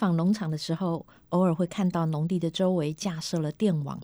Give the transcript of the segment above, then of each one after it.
訪農場的時候，偶爾會看到農地的周圍架設了電網。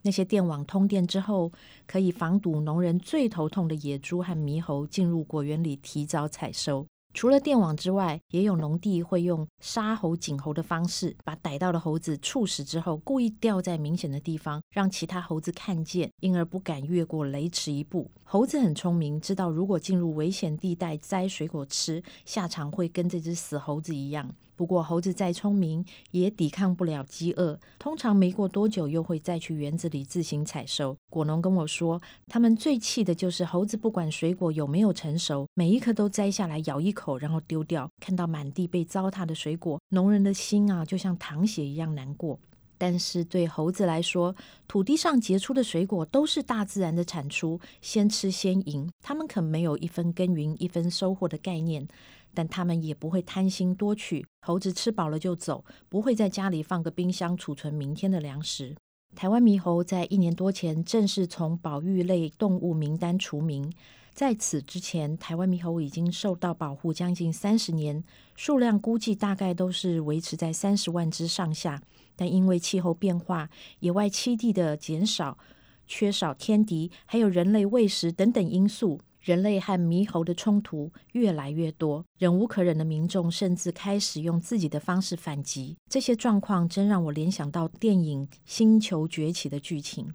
那些電網通電之後，可以防堵農人最頭痛的野豬和獼猴進入果園裡提早採收。除了電網之外，也有農地會用殺猴儆猴的方式，把逮到的猴子處死之後，故意吊在明顯的地方，讓其他猴子看見，因而不敢越過雷池一步。猴子很聰明，知道如果進入危險地帶摘水果吃，下場會跟這隻死猴子一樣。不過猴子再聰明，也抵抗不了飢餓。通常沒過多久，又會再去園子裡自行採收。果農跟我說，他們最氣的就是猴子不管水果有沒有成熟，每一顆都摘下來咬一口，然後丟掉。看到滿地被糟蹋的水果，農人的心啊，就像淌血一樣難過。但是對猴子來說，土地上結出的水果都是大自然的產出，先吃先贏。他們可沒有一分耕耘一分收穫的概念，但他們也不會貪心多取。猴子吃飽了就走，不會在家裡放個冰箱儲存明天的糧食。台灣獼猴在一年多前正式從保育類動物名單除名。在此之前，台灣獼猴已經受到保護將近三十年，數量估計大概都是維持在三十萬隻上下。但因為氣候變化、野外棲地的減少、缺少天敵，還有人類餵食等等因素，人類和獼猴的衝突越來越多。忍無可忍的民眾甚至開始用自己的方式反擊。這些狀況真讓我聯想到電影《星球崛起》的劇情。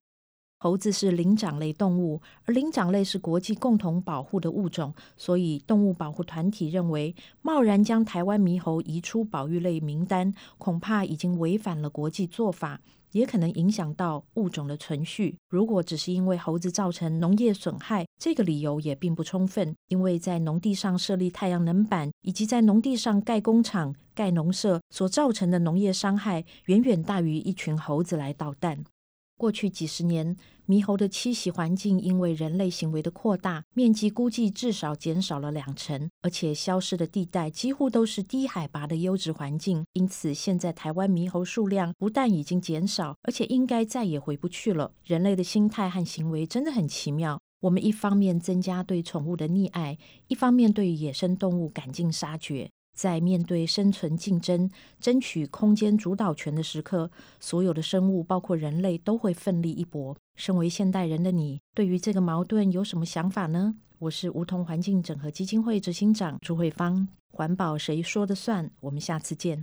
猴子是靈長類動物，而靈長類是國際共同保護的物種，所以動物保護團體認為，貿然將台灣獼猴移出保育類名單，恐怕已經違反了國際做法，也可能影響到物種的存續。如果只是因為猴子造成農業損害，這個理由也並不充分，因為在農地上設立太陽能板，以及在農地上蓋工廠、蓋農舍所造成的農業傷害，遠遠大於一群猴子來搗蛋。過去幾十年，獼猴的棲息環境因為人類行為的擴大，面積估計至少減少了兩成，而且消失的地帶幾乎都是低海拔的優質環境。因此，現在台灣獼猴數量不但已經減少，而且應該再也回不去了。人類的心態和行為真的很奇妙，我們一方面增加對寵物的溺愛，一方面對野生動物趕盡殺絕。在面對生存競爭、爭取空間主導權的時刻，所有的生物，包括人類，都會奮力一搏。身為現代人的你，對於這個矛盾有什麼想法呢？我是梧桐環境整合基金會執行長朱慧芳。環保誰說的算？我們下次見。